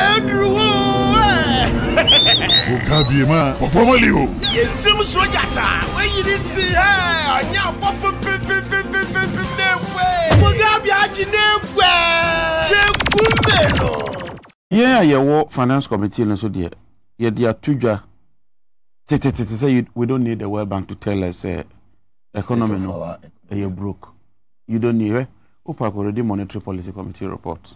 yẹn dùn wò. o ka bi ma fọfọmọli o. yesim soja ta o yiri ti ẹ ọnyẹ akọfọ pepepepepepep n'egwe. mugabe aji n'egwe. sekun melo. yẹn a yẹwọ finance committee no so deɛ yɛde ato dwa tetetete we don't need the world bank to tell us uh, economy no ɛyɛ broke you don't need ɛ o pa akɔrɔ di monetary policy committee report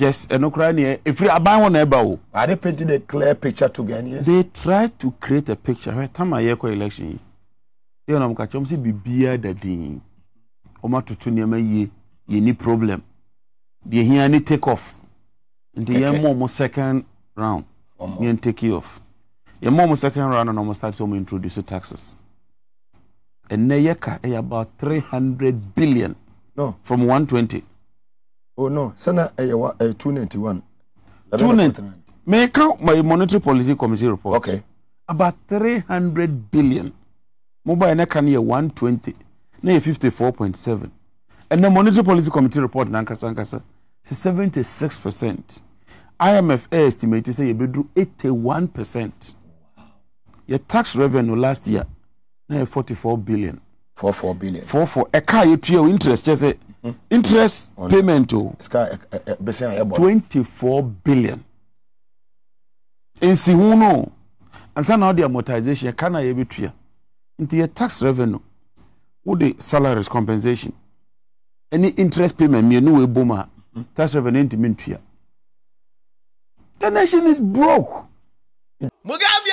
yes ɛnokora neɛ ɛfiri aban hɔ na ɛba o. are they painting a clear picture to Ghanaians. they try to create a picture hwɛ tam a yɛkɔ election yi yɛ na ɔmoka kyɛm sɛ biribiara da din ɔmo atoto nneɛma yie yɛni problem deɛ hia ne take off nti yɛn mɔ ɔmo second round yɛn take off yɛn mɔ ɔmo second round na ɔmo start ɔmo introduce taxes ɛnɛ yɛka ɛyɛ eh, about three hundred billion no. from one twenty oh no Sana ɛyɛ eh, wa ɛyɛ eh, two ninety one. two ninety mɛka my monetary policy committee report. okay about three hundred billion mobile ne kan yɛ one twenty ne yɛ fifty four point seven ɛnna monetary policy committee report nankasa nkasa sɛ seventy six percent imf ɛ estimate sɛ yɛbɛduru eighty one percent yɛ tax revenue last year na yɛ forty four billion. four four billion. four four ɛka e yɛ tuya o interest kyɛ sɛ. Hmm. interest On payment o eh, eh, eh, twenty four billion in hun and ansa now the amortization ka na yɛ bi tuya nti yɛ tax revenue wode salaries compensation any interest payment mmienu wɔ ebom a hmm. tax revenue ntumi ntuya the nation is broke. mugabe.